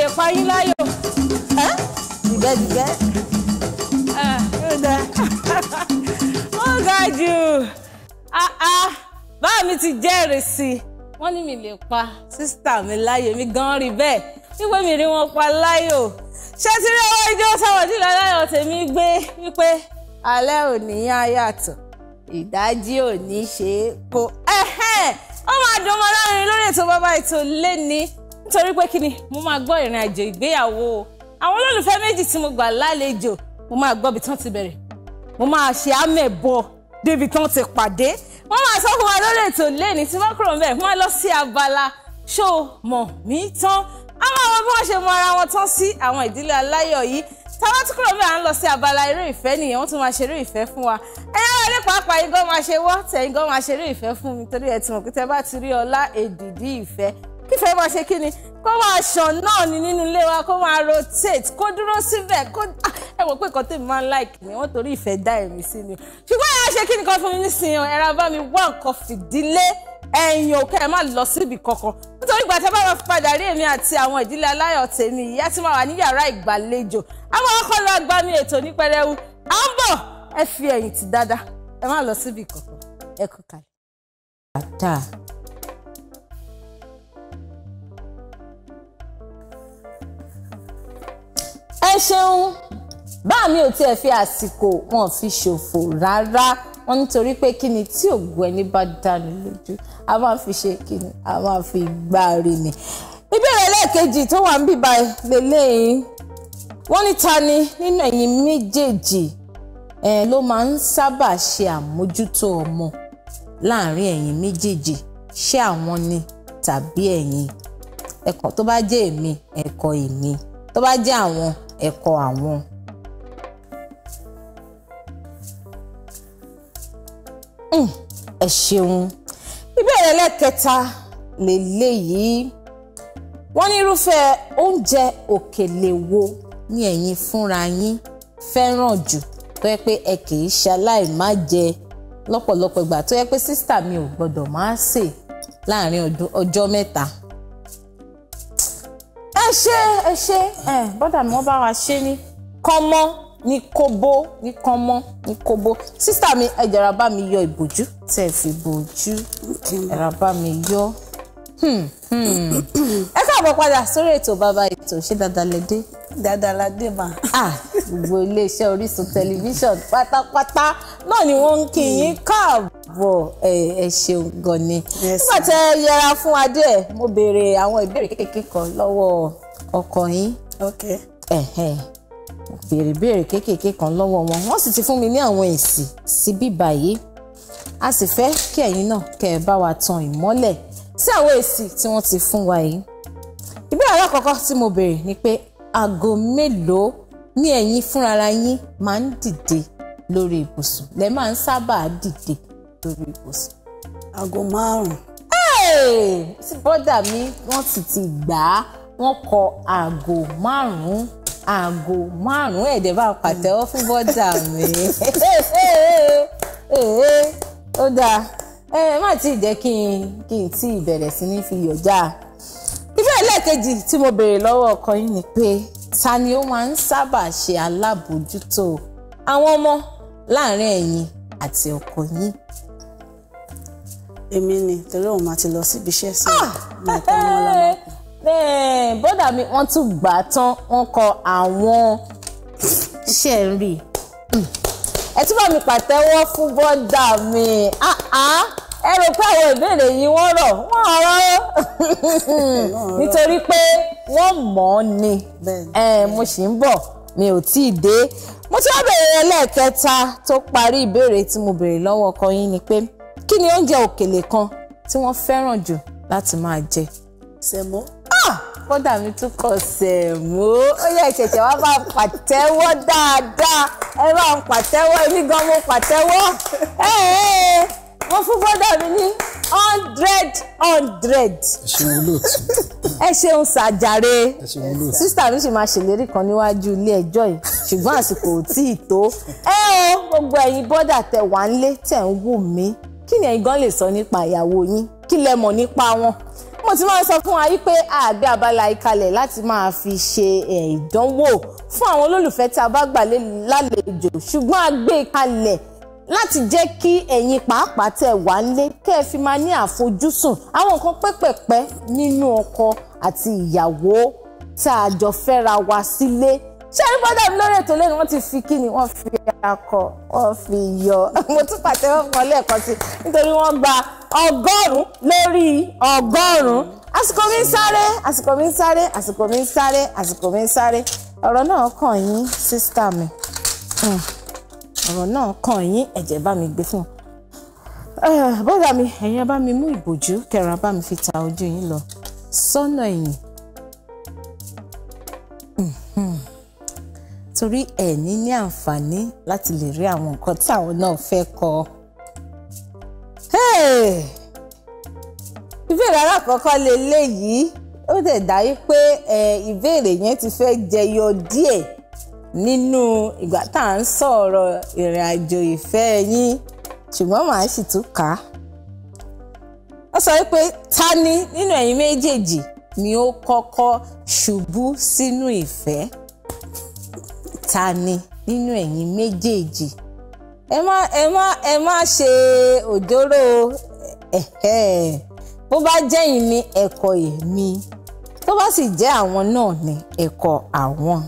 lè pa yín láyọ̀. ǹjẹ́ ǹjẹ́. ó ga jù bá mi ti jẹ́rìí sí i wọ́n ní mi lè pa sísítà mi láyọ̀ mi gan-an rí bẹ́ẹ̀ wípé mi rí wọn pa láyọ̀ ṣé tí rí owó ijó sáwọn nílò láyọ̀ tèmi gbé wípé alẹ́ òní á yàtọ̀ ìdájí òní ṣe é kó ó máa dùn mọ́ láàrin lórí ètò bàbá ètò lẹ́ni torí pé kíni mo máa gbọ́ ìrìn àjò ìgbéyàwó àwọn olólùfẹ́ méjì tí mo gbà lálejò mo máa gbọ́ ibi tán ti bẹ̀rẹ̀ mo máa ṣe àmẹ̀bọ débi tán ti pàdé wọ́n máa sọ fún wa lórí ètò lẹ́ni tí wọ́n kúrò ń bẹ̀ wọ́n lọ sí abala ṣó mọ̀ mí tán àwọn àwọn bí wọ́n ṣe mọ ara wọn tán sí àwọn ìdílé aláyọ̀ yìí táwọn tí kúrò ń bẹ̀ à ń lọ sí abala eré ìfẹ́ nìyẹn wọ́n tún máa ṣeré ìfẹ́ fún wa ẹ̀yà wọlé pàápàá igán máa ṣe wọ́ tẹ̀yìn gan máa ṣeré ìfẹ́ fún mi torí ẹ̀ tí mo kí tẹ́ bá ti rí ọlá èdìdí ìfẹ́ kífẹ́ máa ṣe kí ni kó máa ṣàn náà ni nínú ilé wa kó máa rotate kó dúró síbẹ̀ kó ah, ẹ wò pé nǹkan tèmi máa ń like ni wọ́n torí ìfẹ́ dá ẹ̀mí sí ni ṣùgbọ́n ẹ ṣe kí nìkan fún mi nísìnyí ẹ ra bá mi wá nǹkan fìdílé ẹ̀yìn òkè ẹ má lọ síbi kankan nítorí ìgbà tí a bá wà padà rí èmi àti àwọn ìdílé aláyọ̀ tèmi ìyá tí máa wà ní yàrá ìgbàlejò àwọn ọkọ lọ gbá mi ètò ní pẹrẹwu à ń bọ̀ ẹ fi ẹ̀yìn tì dáadáa ẹ má lọ síbi kankan ẹ kú kalẹ̀. ṣeun bá mi ò tiẹ̀ fi àsìkò wọn fi ṣòfò rárá wọn nítorí pé kí ni tí ògùn ẹni bá dáni lójú a máa fi ṣe kí ni a máa fi gbáre ni. ìbéèrè lẹ́ẹ̀kejì tó wà ń bíbá lélẹ́yìn wọ́n ní ta ni nínú ẹ̀yin méjèèjì ẹ̀ ló máa ń sábà ṣe àmójútó ọmọ láàrin ẹ̀yin méjèèjì ṣé àwọn ni tàbí ẹ̀yin ẹ̀kọ́ tó bá jẹ́ èmi ẹ̀kọ́ èmi tó bá jẹ́ àwọn ẹ̀kọ́ àwọn. Hmm, ẹ ṣeun ìbéèrè ẹlẹ́kẹta lélẹ́yìí wọ́n ní irúfẹ́ oúnjẹ òkèlè wo ni ẹ̀yin fúnra yín fẹ́ràn jù tó yẹ pé ẹ kì í ṣaláì má jẹ lọ́pọ̀lọpọ̀ ìgbà tó yẹ pé sísítà mi ò gbọ́dọ̀ má sè láàrin ọjọ́ mẹ́ta ṣe ẹ ṣe ẹ bọ́dà mi wọ́n bá wa ṣe ní kọ́mọ́ ní kóbó ní kọ́mọ́ ní kóbó sísá mi ẹ jẹ́ra bá mi yọ ìbòjú tẹ̀ fi bòjú ẹ̀rà bá mi yọ hmm, hmm. ẹ káàbọ̀ padà sórí ètò bàbá ètò ṣé dáadáa lẹ dé. dáadáa la dé mà. gbogbo iléeṣẹ́ Orísun tẹlifíṣàn pátápátá náà ni wọ́n ń kí yín káàbọ̀ bọ̀ ẹ ṣeun gan ni nígbà tẹ yẹra fún adé ẹ mo béèrè àwọn ìbéèrè kékeré kan lọ́wọ́ ọkọ yín béèrè béèrè kékeré kan lọ́wọ́ wọn wọ́n sì ti fún mi ní àwọn èsì sí bíbà yìí a sì fẹ́ kí ẹ̀yin náà kẹ́ ẹ bá wa tan ìmọ́lẹ̀ sí àwọn èsì tí wọ́n ti fún wa yìí ìbéèrè alákọ̀ọ́kọ́ tí mo béèrè ni pé aago mélòó ni ẹ̀yin fúnra yín máa ń dìde lórí ibùsùn lẹ máa ń sábà dìde lórí ìbùsùn aago márùn-ún tí bọ́dà mi wọ́n sì ti gbà á wọ́n kọ aago márùn-ún aago márùn-ún ẹ̀ẹ́dẹ̀ bá pàtẹ́wọ́ fún bọ́dà mi ó dáa ẹ má ti ì jẹ́ kí n kí n tí ì sí ní fi yọ̀já ìfẹ́ ẹlẹ́ẹ̀kejì tí mo béèrè lọ́wọ́ ọkọ yín ni pé ta ni ó máa ń sábà ṣe alábòójútó àwọn ọmọ láàárín ẹ̀yin àti ọkọ yín èmi ni torí òun máa ti lọ síbi iṣẹ́ sí mẹ́ta mọ́lámá. bẹ́ẹ̀ bọ́dà mi wọ́n tún gbà tán wọ́n kọ àwọn ṣẹ̀rí hmm. ẹ tún bá mi pàtẹ́wọ́ fún bọ́dà mi ah, ah, ẹ rò pé àwọn ìbéèrè yìí wọ́n rọ̀ wọ́n rọ̀ nítorí pé wọ́n mọ̀ ọ́ ni eh, mo sì ń bọ̀ mi ò tí ì dé mo tún wá bèrè ẹlẹ́ẹ̀kẹta tó parí ìbéèrè tí mo béèrè lọ́wọ́ ọkọ yín ni pé kí ni oúnjẹ òkèlè kan tí wọ́n fẹ́ràn jù láti máa jẹ. sẹ̀mọ́. Ah! kódà mi tún kọ sẹ̀mọ́ ó yẹ ìṣẹ̀ṣẹ̀ wá bá pàtẹ́wọ́ dáadáa ẹ bá ń pàtẹ́wọ́ èmi gan mo pàtẹ́wọ́ wọ́n fún kódà mi ní hundred hundred. ẹ ṣeun olóòtú. ẹ ṣeun ṣàjàre. ẹ ṣeun olóòtú. sísítà mi sì máa ṣèlérí kan níwájú ilé ẹjọ́ yìí ṣùgbọ́n àsìkò ò tí ì tó. ẹ o gbogbo ẹ̀yin bọ́dà tẹ wà ń lé tẹ̀ ń wù mí kí ni ẹ̀yin gan lè sọ nípa ìyàwó yín kí lẹ mọ̀ nípa wọn mo ti máa sọ fún wa wípé àgbẹ̀ abala ìkalẹ̀ láti máa fi ṣe ìdánwò fún àwọn olólùfẹ́ tí a bá gbà lálejò ṣùgbọ́n a gbé e kalẹ̀ láti jẹ́ kí ẹ̀yin pàápàá tẹ̀ wá nílé kẹ́ ẹ fi máa ní àfojúsùn àwọn nǹkan pẹ́pẹ̀pẹ́ nínú ọkọ àti ìyàwó tá a jọ fẹ́ra wa sílé. Si ṣé ẹ bọ́dà mi lórí ètò lẹ́nu wọ́n ti fi kí ni wọ́n fi akọ wọ́n fi yọ mo tún pàtẹ́wọ́ kan lẹ́ẹ̀kan sí nítorí wọ́n gba ọgọ́rùn-ún lórí ọgọ́rùn-ún àsìkò mi ń sáré àsìkò mi ń sáré àsìkò mi ń sáré àsìkò mi ń sáré ọ̀rọ̀ náà kàn yín sísítà mi hmm. ọ̀rọ̀ náà kàn yín ẹ̀jẹ̀ bá mi gbé fún un eh, bọ́dà mi ẹ̀yin bá mi mú ìbòjú kẹran bá mi fi ta ojú yín lọ sọ́nà ẹ̀yìn torí ẹ̀ní ní àǹfààní láti lè rí àwọn nǹkan tí àwọn náà fẹ́ kọ. ìbéèrè alákọ̀ọ́kọ́ leléyìí ó dẹ̀ dáyé pé ìbéèrè yẹn ti fẹ́ jẹyọ díẹ̀ nínú ìgbà tá à ń sọ̀rọ̀ ìrìn àjò ìfẹ́ yín ṣùgbọ́n màá sì tún kà á. ó sọ pé ta ni nínú ẹ̀yin méjèèjì ni ó kọ́kọ́ ṣubú sínú ìfẹ́. ta ni nínú ẹ̀yin méjèèjì ẹ má ẹ má ẹ má ṣe òjòrò bó bá jẹ́yìn ní ẹ̀kọ́ èmi tó bá sì jẹ́ àwọn náà ní ẹ̀kọ́ àwọn.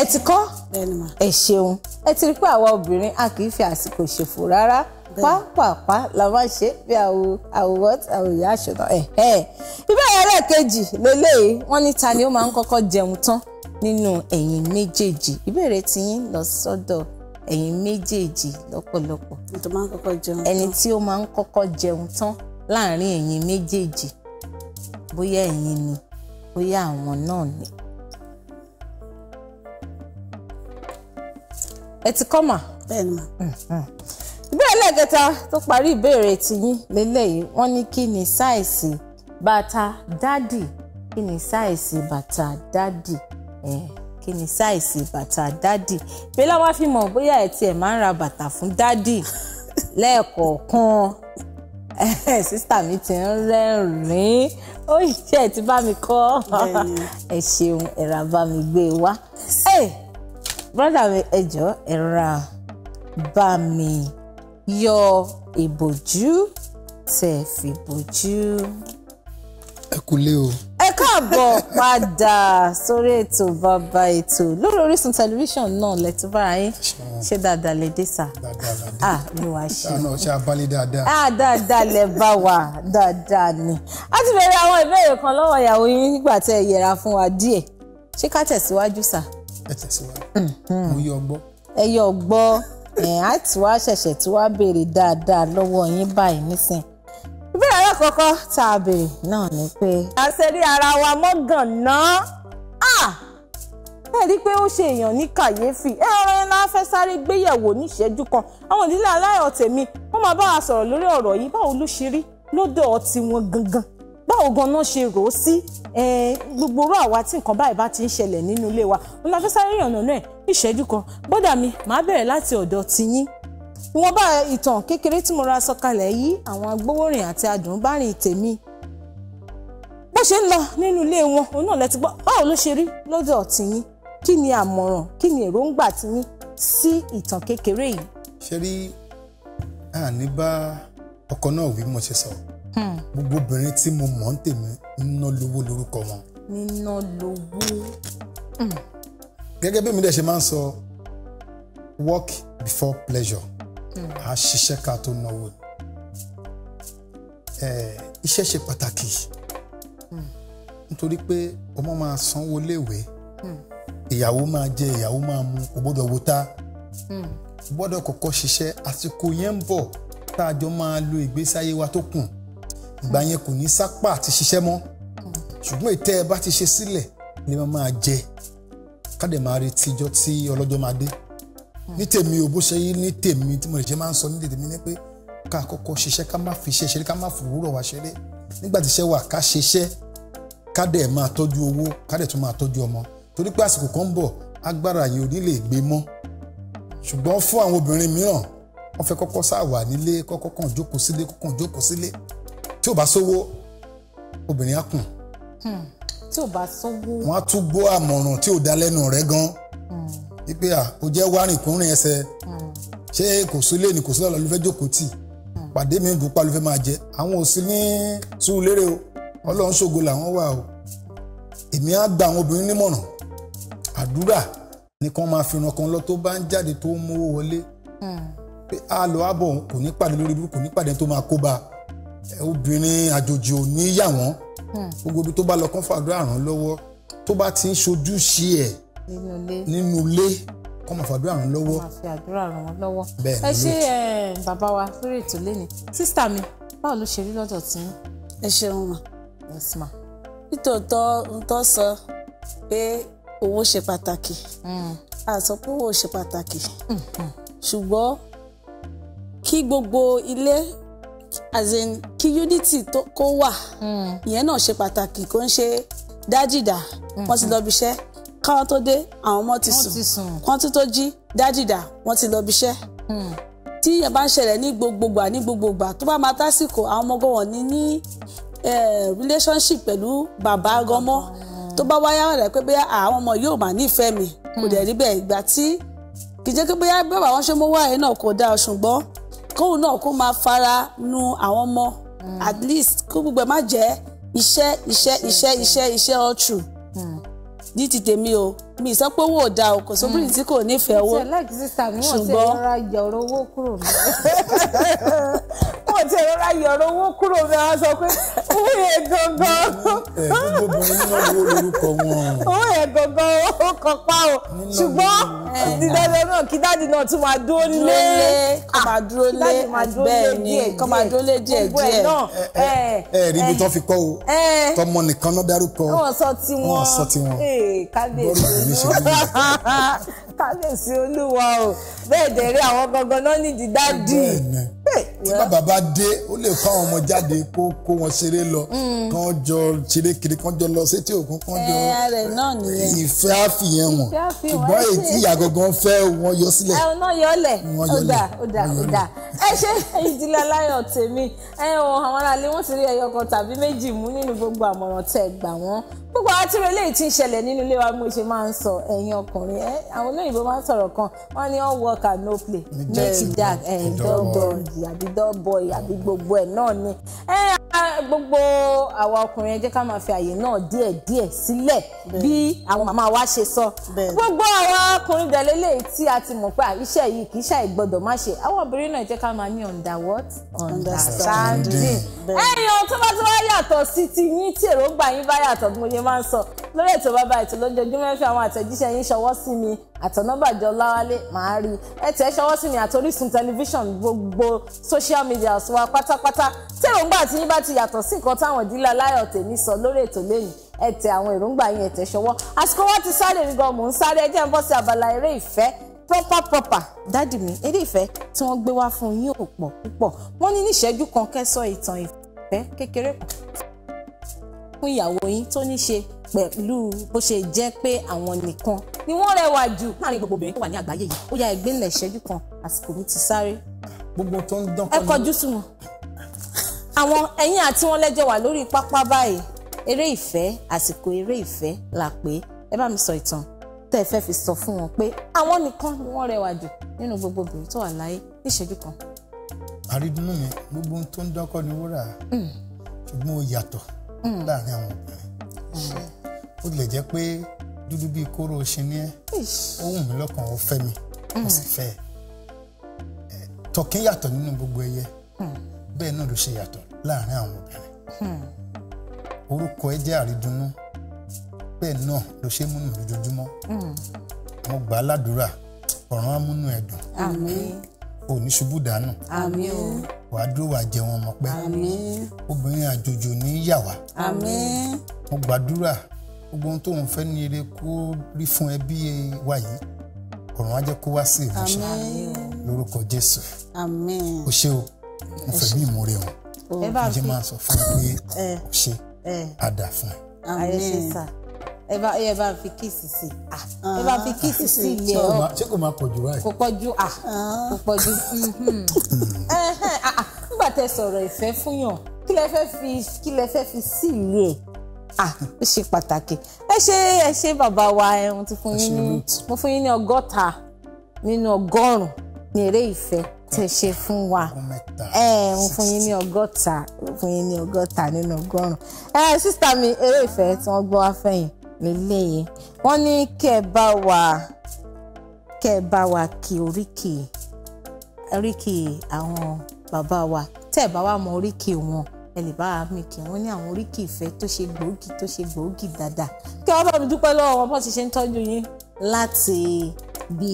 ẹ ti kọ́ ẹ ṣeun ẹ ti rí pé àwa obìnrin a kì í fi àsìkò ṣòfò rárá pápápá la máa ṣe bí àwò àwòwọ àwòyá àṣọdọ ẹ ẹ ìbéèrè ẹlẹ́ẹ̀kejì lélẹyìí wọ́n ní ta ni ó máa ń kọ́kọ́ jẹun tán nínú ẹ̀yin méjèèjì ìbéèrè tiyín lọ sọ́dọ̀ ẹ̀yin méjèèjì lọ́pọ̀lọpọ̀ ẹni tí ó máa ń kọ́kọ́ jẹun tán láàrin ẹ̀yin méjèèjì bóyá ẹ̀yin ni bóyá àwọn náà ni. ẹ ti kọ́ mà. bẹ́ẹ̀ ma, mà. Hmm, hmm ìbéèrè lẹ́ẹ̀kẹta tó parí ìbéèrè tiyín lélẹ́yìí wọ́n ní kí ni sáìsì bàtà dádì kí ni sáìsì bàtà dádì eh, kí ni sáìsì bàtà dádì bí láwa fi mọ̀ bóyá ẹ̀ tiẹ̀ máa ń ra bàtà fún dádì lẹ́ẹ̀kọ̀ọ̀kan sísítà mi ti ń rẹ́rìn-ín ó ṣe ti bá mi kọ́ ẹ ṣeun ẹ̀rọ bá mi gbé e wá. brọ́dà mi ẹ jọ̀ọ́ ẹ̀rọ bá mi yọ ìbòjú tẹ̀ fi bòjú. ẹ kúlé o. ẹ káàbọ̀ padà sórí ètò bàbá ètò lórí Orísun tẹlifíṣàn náà lẹ́tọ́ bára yín ṣé dáadáa lè dé sà. dáadáa lè dé. ah ló wá ṣe. àná ṣe abalẹ̀ dáadáa. ah dáadáa lè bá wa dáadáa ni. a ti bẹ̀rẹ̀ àwọn ìbéèrè kan lọ́wọ́ ìyàwó yín nígbà tẹ́ ẹ yẹra fún wa díẹ̀ ṣé ká tẹ̀síwájú sà. ẹ tẹ̀síwájú. mo yọ ọgbọ́. ẹ yọ ọgbọ́ ẹ̀hán àti wá ṣẹ̀ṣẹ̀ tí wá béèrè dáadáa lọ́wọ́ yín báyìí nísìn ìbéèrè alákọ̀ọ́kọ́ tá a béèrè náà ni pé. a ṣe rí ara wa mọ́gàn náà ẹ rí i pé ó ṣe èèyàn ní kàyéfì ẹ ọ̀rọ̀ yẹn láá fẹ́ sáré gbéyẹ̀wò níṣẹ́jú kan àwọn ìdílé aláyọ̀ tèmi wọ́n máa bá wa sọ̀rọ̀ lórí ọ̀rọ̀ yìí báwo ló ṣe rí lọ́dọ̀ ọtí wọn gangan báwo ganan ṣe rò ó sí gbogbo orú àwa tí nǹkan báyìí bá ti ń ṣẹlẹ̀ nínú ilé wa mo la fẹ́ sáré yànnà náà ìṣẹ́jú kan bọ́dà mi màá bẹ̀rẹ̀ láti ọ̀dọ̀ tiyín ìwọ̀n bá ìtàn kékeré tí mo ra sọ̀kalẹ̀ yìí àwọn agbowórin àti adùn bá rìn tèmi bó ṣe ń lọ nínú ilé wọn òun náà lẹ́tí gbọ́ báwo ló ṣe rí lọ́dọ̀ tiyín kí ni àmọ̀ràn kí ni èròǹgbà tiyín sí ìtàn kékeré yìí. ṣe rí àní bá ọkọ náà wí mo ṣe sọ̀rọ̀ Hmm. gbogbo obìnrin tí mo mọ̀ ń tèmi níná lówó lórúkọ wọn. níná lówó. Hmm. gẹ́gẹ́ bí mi dẹ̀ ṣe máa ń sọ work before pleasure hmm. a ṣiṣẹ́ ká tó náwó iṣẹ́ ṣe pàtàkì nítorí pé ọmọ máa sanwó léèwé ìyàwó máa jẹ ìyàwó máa mu kò gbọ́dọ̀ wo ta gbọ́dọ̀ kọ́kọ́ ṣiṣẹ́ àsìkò yẹn ń bọ̀ tá a jọ máa lo ìgbésí ayé wa tó kùn ìgbà yẹn kò ní sápà àti ṣiṣẹ́ mọ́ ṣùgbọ́n ìtẹ́ ẹ bá ti ṣe sílẹ̀ lè máa máa jẹ káde máa retí ijọ́ tí ọlọ́jọ́ máa dé ní tèmi ò bó ṣe yí ní tèmi tí mo lè ṣe máa ń sọ ní tèmi ni pé ká kọ́kọ́ ṣiṣẹ́ ká má fi iṣẹ́ ṣeré ká má fòwúrọ̀ wá ṣeré nígbà tí iṣẹ́ wà ká ṣiṣẹ́ kádẹ̀ máa tọ́jú owó kádẹ̀ tún máa tọ́jú ọmọ torí pé àsìkò kan ń bọ̀ agbára yìí ò ní lè gbé mọ́ ṣùgbọ́n fún àwọn obìnrin mìíràn wọ́n fẹ́ kọ́kọ́ sá wà nílé kọ́kọ́ kàn jókòó sílé kọ́kàn jókòó sílé tí ò bá sówó obìnrin á kùn. Hmm. tí ò bá sówó. wọ́n á tún gbọ́ àmọ̀ràn tí O dá lẹ́nu rẹ̀ gan. Hmm. wípé à ó jẹ́ wárìnkùnrin ẹsẹ̀ hmm. ṣé kò sí lé ní kò sí lọ́la ló fẹ́ jókòó tì pàdé mi ń bù pa ló máa jẹ àwọn ò sí ní sùúrù lérè o ọlọ́run ṣògo làwọn wà o èmi á gba àwọn obìnrin nímọ̀ràn àdúrà nìkan máa fi ràn kan lọ tó bá ń jáde tó ń mówó wọlé pé a lọ àbọ̀ kò ní pàdé lórí burúkú kò ní pàdé tó máa kó bá a obìnrin àjòjì ò ní yà wọ́n hmm. gbogbo ibi tó bá lọ kán fàdúrà ràn lọ́wọ́ tó bá ti ń ṣojú sí ẹ̀ nínú ilé kọ́ máa fàdúrà ràn lọ́wọ́. máa fi àdúrà ràn wọ́n ni ló ẹ ṣe eh, bàbá wa lórí ètò lẹ́ni sísítà mi báwo ló ṣe rí lọ́dọ̀ tí yín. ẹ ṣeun ma. yes ma. nítòótọ́ n tó sọ pé owó ṣe pàtàkì hmm. a ṣe pàtàkì hmm, ṣùgbọ́n kí gbogbo ilé as in kí unity kó wà hmm. ìyẹn náà ṣe pàtàkì kó ń ṣe dájìdá hmm. wọ́n ti lọ bí iṣẹ́ káwọn tó dé àwọn ọmọ ti sùn kán tó tó jí dájìdá wọ́n ti lọ bí iṣẹ́ hmm. tí ìyẹn bá ń ṣẹlẹ̀ ní gbogbogbà ní gbogbogbà tó bá máa tásìkò àwọn ọmọ gan wọ̀nyí ní relationship pẹ̀lú bàbá gan mọ́ tó bá wáyà rẹ̀ pé bóyá àwọn ọmọ yóò máa nífẹ̀ẹ́ mi kò dẹ̀ rí bẹ́ẹ̀ ìgbà tí kì í jẹ́ pé bóyá bàbá ṣe mọ́ wáyé náà kò dáa ṣùgbọ́n kóun náà kó máa fara nu àwọn ọmọ hmm. at least kó gbogbo ẹ̀ má jẹ́ iṣẹ́ iṣẹ́ iṣẹ́ iṣẹ́ iṣẹ́ all true hmm. ní ti tèmi o mi sọ pé owó ò da o kò sóbìnrin hmm. tí kò nífẹ̀ẹ́ owó ṣùgbọ́n ṣùgbọ́n ayọ̀rọ̀ owó kúrò mi àwọn sọ pé owó yẹn gangan. gbogbo obìnrin náà wo lorúkọ wọn. owó yẹn gangan ó kàn pa o ṣùgbọ́n dídájọ́ náà kí dáàdì náà tún máa dúró lé kọ́ ah, máa dúró lé bẹ́ẹ̀ ni kọ́ máa dúró lé díẹ̀ díẹ̀. ẹ ẹ rí ibi tó fi kọ́ o tọmọ nìkan náà dárúkọ wọn sọ tiwọn wọn sọ tiwọn kábíyèsí kábíyèsí olúwa o bẹ́ẹ̀ dẹ̀ rí àwọn gangan náà nídìí dáàdì tí bàbá dé ó lè kó àwọn ọmọ jáde kó kó wọn ṣeré lọ hmm. kán jọ ṣeré kiri kán jọ lọ sétí òkun kán jọ eh, ìfẹ́ àfihàn wọn ṣùgbọ́n èyí tí ìyá gangan fẹ́ wọn yọ sílẹ̀. ẹ ọ̀nà yọlẹ̀ ọ̀dà ọ̀dà ọ̀dà ẹ ṣe ìdílé aláyọ̀ tèmi ẹ eh, àwọn aráalé wọn ti rí ẹyọ kan tàbí méjì mú nínú gbogbo àmọ̀ràn tẹ́ gbà wọ́n púpọ̀ àtúrò eléyìí tí ń ṣẹlẹ̀ nínú ilé wa mo ṣe máa ń sọ ẹ̀yin ọkùnrin ẹ àwọn olóyìnbó máa ń sọ̀rọ̀ kan wọ́n ní all work and no play no jack ẹ̀ eh, dọ́bọ̀ọ̀yì àbí dọ́bọ̀ọ̀yì àbí gbogbo ẹ̀ náà ni gbogbo àwa ọkùnrin ẹ ká máa fi àyè náà díẹ̀ díẹ̀ sílẹ̀ bí àwọn màmá wa ṣe sọ gbogbo àwa ọkùnrin dẹ̀lé léyìí tí a ti mọ̀ pé iṣẹ́ yìí kì í ṣàì gbọ́dọ̀ má ṣe àwọn obìnrin náà ẹ ká máa ní under what understanding ẹ̀yàn tó bá sí ti yín tí èròǹgbà yín bá yàtọ̀ bí mo ṣe máa ń sọ lórí ètò bàbá ètò lójoojúmọ́ fi àwọn àtẹ̀jíṣẹ́ yín ṣọwọ́ sí mi àtọ̀nàbàjọ láwálé màá rí ẹ tẹ̀ ẹ́ ṣọwọ́ sí mi àti Orísun tẹlifíṣàn gbogbo social media wa pátápátá tẹ̀rọ̀ǹgbà tí yín bá ti yàtọ̀ sí nǹkan táwọn ìdílé aláyọ̀ tèmi sọ lórí ètò lẹ́yìn ẹ tẹ àwọn èròǹgbà yín ẹ tẹ̀ ṣọwọ́ àsìkò wọn ti sáré rí gan mò ń sáré ẹjẹ́ ń bọ́ sí abala eré ìfẹ́ proper proper dádì mi eré ìfẹ́ tí wọ́n gbé wá fún yín ò pọ̀ púpọ̀ wọ́n ní níṣẹ́jú kan kẹ́sọ̀ ìtàn ìfẹ́ kékeré kan fún ìyàwó yín tó ní ṣe pẹ̀lú bó ṣe jẹ́ pé àwọn nìkan ni wọ́n rẹwà jù láàrin gbogbo obìnrin tó wà ní àgbáyé yìí ó yá ẹgbẹ́ ńlẹ̀ ìṣẹ́jú kan àsìkò mi ti sáré. gbogbo tó ń dán kọ́ni. ẹ kọjú sí wọn. àwọn ẹ̀yin àti wọn lẹ́jọ́ wà lórí pápá báyìí eré ìfẹ́ àsìkò eré ìfẹ́ là pé ẹ bá mi sọ ìtàn tẹ́ ẹ fẹ́ fi sọ fún wọn pé àwọn nìkan ni wọ́n rẹwà jù nínú gbogbo obìnrin tó wà láyé níṣẹ́jú kan. àrídùnnú mi gbogbo ohun tó ń dán kọ́ni wúrà hmm. ṣùgbọ́n ó yàtọ̀ hmm. láàrin àwọn obìnrin. Hmm ó tilẹ̀ jẹ́ pé dúdú bíi kóró ṣe ní ẹ́ ó wù mí lọ́kàn ó fẹ́ mi ó sì mm. fẹ́ ẹ tọkín yàtọ̀ nínú gbogbo ẹyẹ mm. bẹ́ẹ̀ náà ló ṣe yàtọ̀ láàárín àwọn obìnrin mm. orúkọ ẹ jẹ́ àrídùnnú bẹ́ẹ̀ náà ló ṣe múnú lójoojúmọ́ mo gbà á ládùúrà ọ̀ràn amúnú ẹ̀ dùn ò ṣubú dànù wàá dúró wàá jẹun ọmọ pẹ́ obìnrin àjòjò ní yàwá mo gbàdúrà gbogbo ohun tó ń fẹ́ ní ire kó rí fún ẹbí wa yìí ọ̀run á jẹ́ kó wá sí ìmúṣẹ lórúkọ jésù o ṣé o mo fẹ́ bí ìmúre o ǹjẹ́ máa sọ fún mi pé o ṣé á fún ẹ. ẹ bá ẹ bá fi kíìsì sí ah. ẹ bá fi kíìsì sí ilé ọ ṣé kò máa pọ̀jù báyìí. kò pọ̀jù à ah, kò pọ̀jù mhm. ah, nígbà tẹ sọ̀rọ̀ ìfẹ́ fún yàn kí lẹ fẹ́ fi sí ilé ẹ̀. Ah, ó ṣe pàtàkì ẹ ṣe ẹ ṣe bàbá wa ẹ̀hún ti fún yín ní mo fún yín ní ọgọ́ta nínú ọgọ́rùn-ún ní eré ìfẹ́ tẹ ṣe fún wa ẹ mo fún yín ní ọgọ́ta mo fún yín ní ọgọ́ta nínú ọgọ́rùn-ún ẹ sísá mi eré ìfẹ́ tí wọ́n gbọ́ wá fẹ́yìn lélẹ́yìn wọ́n ní kẹ́ ẹ bá wa kẹ́ ẹ bá wa kí oríkì oríkì àwọn bàbá wa tẹ́ ẹ bá wa mọ oríkì wọn ẹ lè bá mi kí wọ́n ní àwọn oríkì ìfẹ́ tó ṣe gbòógì tó ṣe gbòógì dáadáa kí wọ́n bá mi dúpẹ́ lọ́wọ́ wọn bó ti ṣe ń tọ́jú yín láti bí